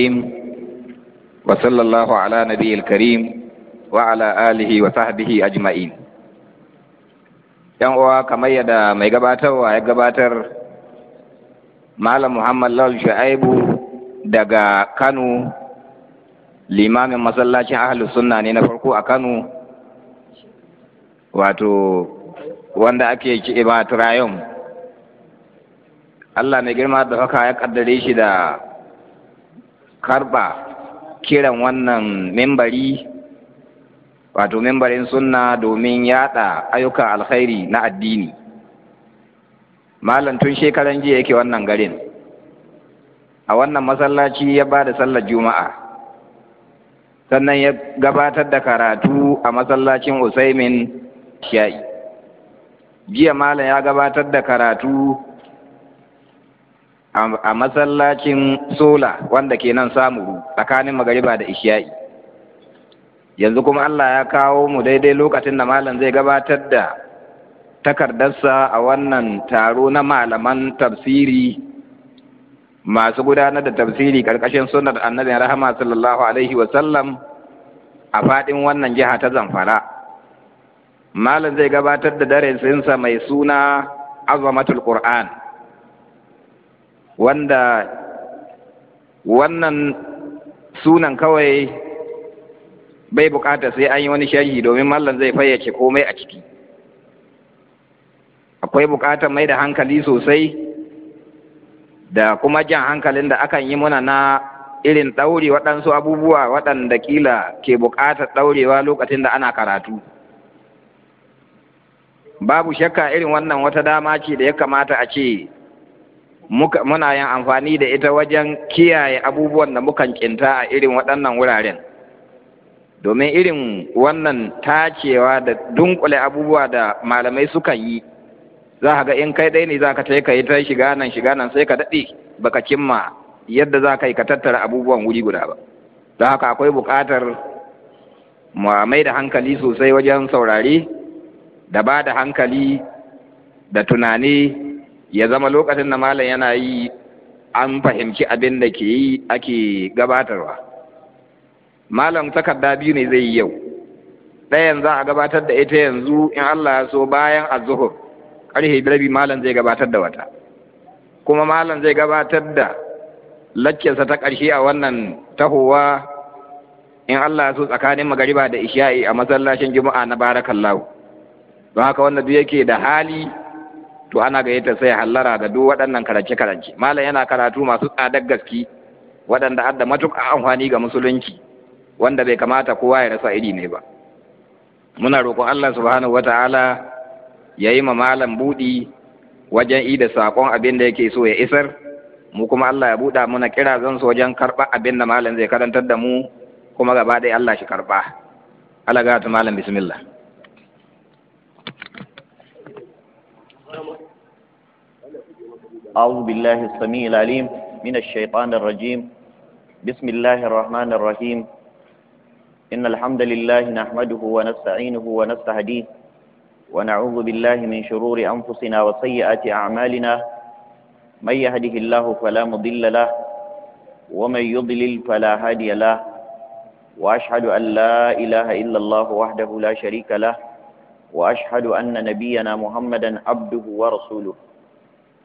الرحيم وصلى الله على نبي الكريم وعلى آله وصحبه أجمعين yan uwa kamar yadda mai gabatarwa ya gabatar malam muhammad كانوا shu'aibu daga kano limamin masallacin ahlus sunna ne na farko a kano wato wanda ake ci ibatrayon allah mai girma da haka ya kaddare shi da karba kiran wannan membari wato membarin sunna domin yada ayyukan alkhairi na addini malam tun shekaran jiya yake wannan garin a wannan masallaci ya bada da sallar juma'a sannan ya gabatar da karatu a masallacin usaimin shayi jiya malam ya gabatar da karatu a masallacin sola wanda ke nan samu tsakanin magariba da ishiya'i yanzu kuma Allah ya kawo mu daidai lokacin da malam zai gabatar da takardarsa a wannan taro na malaman tafsiri masu gudanar da tafsiri karkashin sunar annabin rahama sallallahu alaihi wasallam a faɗin wannan jiha ta zamfara malam zai gabatar da darasinsa mai suna azamatul qur'an wanda wannan sunan kawai bai bukata sai an yi wani sharhi domin mallan zai fayyace komai a ciki akwai bukatar mai da hankali sosai da kuma jan hankalin da akan yi muna na irin ɗaure waɗansu abubuwa waɗanda ƙila ke buƙatar ɗaurewa lokacin da ana karatu babu shakka irin wannan wata dama ce da ya kamata a ce muna yin amfani da ita wajen kiyaye abubuwan da mukan kinta a irin waɗannan wuraren domin irin wannan tacewa da dunkule abubuwa da malamai sukan yi za ga in kai ɗaya ne za ka ka yi ta shiga nan shiga nan sai ka daɗe baka cimma yadda za ka yi ka tattara abubuwan wuri guda ba don haka akwai buƙatar mu mai da hankali sosai wajen saurare da ba da hankali da tunani ya zama lokacin da malam yana yi an fahimci abin da ke yi ake gabatarwa malam takarda biyu ne zai yi yau ɗayan za a gabatar da ita yanzu in Allah ya so bayan azuhur ƙarfe rabi malam zai gabatar da wata kuma malam zai gabatar da laccinsa ta ƙarshe a wannan tahowa in Allah ya so tsakanin magariba da isha'i a masallacin juma'a na barakallahu don haka wanda duk yake da hali to ana gayyata sai hallara da duk waɗannan karance karance malam yana karatu masu tsadar gaske waɗanda har da matuƙa amfani ga musulunci wanda bai kamata kowa ya rasa iri ne ba muna roƙon Allah subhanahu wata'ala ya yi ma malam buɗi wajen ida sakon abin da yake so ya isar mu kuma Allah ya buɗa muna kira zan so wajen karɓa abin da malam zai karantar da mu kuma gaba ɗaya Allah shi karɓa. Allah malam bismillah. أعوذ بالله السميع العليم من الشيطان الرجيم بسم الله الرحمن الرحيم إن الحمد لله نحمده ونستعينه ونستهديه ونعوذ بالله من شرور أنفسنا وسيئات أعمالنا من يهده الله فلا مضل له ومن يضلل فلا هادي له وأشهد أن لا إله إلا الله وحده لا شريك له وأشهد أن نبينا محمدا عبده ورسوله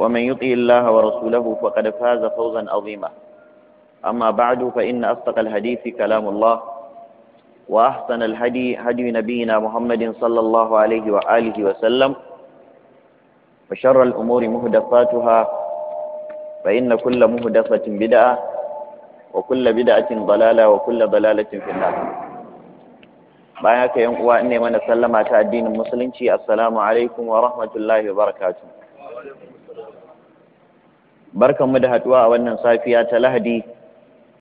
ومن يطع الله ورسوله فقد فاز فوزا عظيما أما بعد فإن أصدق الحديث كلام الله وأحسن الهدي هدي نبينا محمد صلى الله عليه وآله وسلم وشر الأمور مهدفاتها فإن كل مهدفة بدعة وكل بدعة ضلالة وكل ضلالة في النار bayan haka yan uwa ne mana sallama ta addinin musulunci assalamu alaikum wa rahmatullahi wa barakatuh barkanmu da haɗuwa a wannan safiya ta lahadi